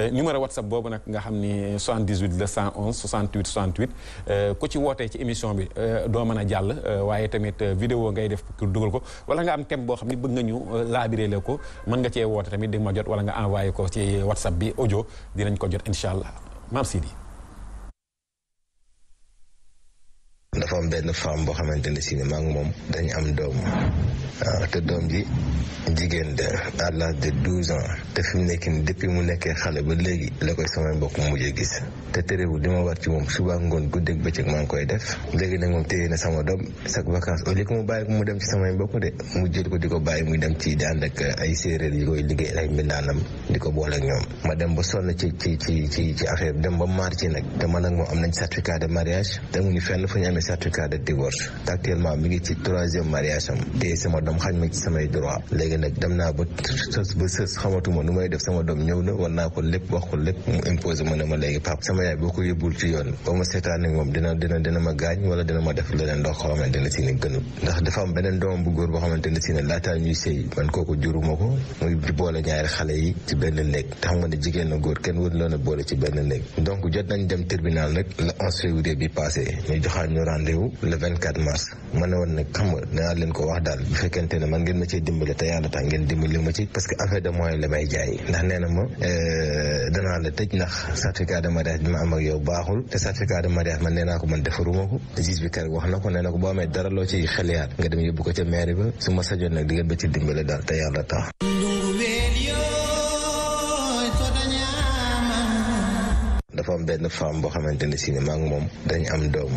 Euh, numéro whatsapp boobu nag nga xam ni 78 211 68 68 ku ci wootee ci émission bi euh, doo mën a jàll euh, waaye tamit vidéo ngay def pour dugal ko wala nga am thème boo xam ni bëgg nga ñu laabiré ko mën nga cee woote tamit di ma jot wala nga envoyé ko ci whatsapp bi audio dinañ ko jot incha allah maam Sidi dafa am benn femme boo xamante ne si moom dañ am doom waaw ah, te doom ji jigéen de à l'âge de douze ans te fi mu nekk nii depuis mu nekkee xale ba léegi la koy samay mbokk mujj a gis te terewul li ma war ci moom suba ngoon guddeeg bëccëg maa ngi koy def léegi nag moom téye na sama doom chaque vacance au lieu que mu bàyyi ko mu dem ci samay mbokk de mu jël ko di ko bàyyi muy dem ci daan ànd ay séeréer yi koy liggéey ay mbindaanam di ko boole ak ñoom ma dem ba sonn ci ci ci ci ci affaire dem ba maar ci certificat de divorce mi ngi ci troisième mariage am te xañ ma ci samay droit léegi nag dem naa ba sës ba sës xamatuma nu may def sama doom ñëw na war naa ko lépp wax ko lépp mu ma ne ma léegi pap sama yaay boo ko yoon ma seetaane moom dina dina dina ma gaañ wala dina ma def leneen ndox ko xamante ne si ne gënul ndax dafa am beneen doom bu góor boo xamante ne si ne laataa ñuy sëy man kooku juruma ko muy boole ñaari xale yi ci benn néeg te xam nga ne jigéen na góor kenn wër loona boole ci benn néeg donc jot nañ dem tribunal nag le 11 février bi passé ñu joxaat ñu rendez-vous le 24 mars ma ne woon nag xam nga danaa leen ko wax daal bu fekkente ne man ngeen ma cee dimbale te yàlla tax ngeen dimbale ma ci parce que affaire de moyen la may jaay ndax nee na ma euh, danaa la tëj ndax certificat de mariage ma am te certificat de mariage naa ko man defaruma ko gis bi kar wax na ko nee ko boo amee dara loo ciy xeliyaat nga dem yóbbu ko ca mairie ba su ma sajoon nag di ngeen ba ci dimbale daal te yàlla tax dafa am benn femme boo xamante ne si ne maa moom dañ am doom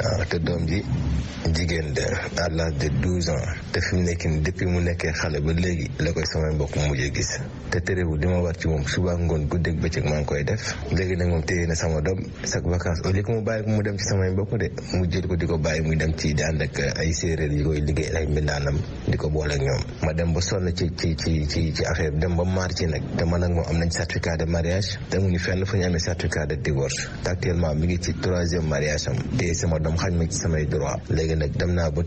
waaw ah, te doom ji jigéen de à l'âge de douze ans te fi mu nekk nii mu nekkee xale ba léegi la koy samay mbokk mu mujjee gis te terewul li ma war ci moom suba ngoon guddeeg bëccëg maa ngi koy def léegi nag moom téye na sama doom chaque vacance au lieu que mu bàyyi ko mu dem ci samay mbokk de mu jël ko di ko bàyyi muy dem ci daan ànd uh, ay séeréer yi koy liggéey ay mbindaanam di ko boole ñoom ma dem ba sonn ci ci ci ci ci dem ba maar ci nag te man ak moom am nañ certificat de certificat de divorce te actuellement mi ngi ci troisième mariage am te sama doom xañ ma ci samay droit léegi nag dem naa ba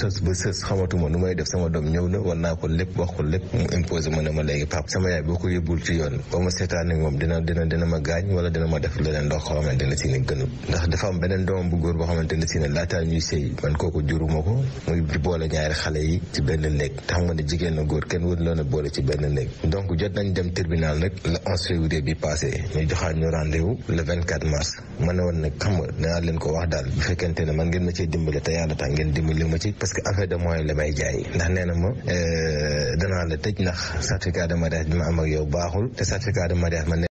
sës ba sës xamatuma nu may def sama doom ñëw na war naa ko lépp wax ko lépp mu imposé ma ne ma léegi pap sama yaay boo ko yóbbul ci yoon ba ma seetaane moom dina dina dina ma gaañ wala dina ma def leneen ndox koo xamante ne si ne gënul ndax dafa am beneen doomam bu góor boo xamante ne si ne laataa ñuy sëy man kooku juruma ko muy di boole xale yi ci benn néeg te xam nga ne jigéen góor kenn wër loon a boole ci benn néeg donc jot nañ dem tribunal nag le 11 février bi passé ñu joxaat ñu rendez-vous le 24 mars ma ne woon nag xam nga danaa leen ko wax daal bu fekkente ne man ngeen ma ciy dimbale te yàlla tax ngeen dimbale ma ci parce que affaire de moyen la may jaay ndax nee na ma euh, danaa la tëj ndax certificat de ma bi ma am ak yow baaxul te certificat de mariage ma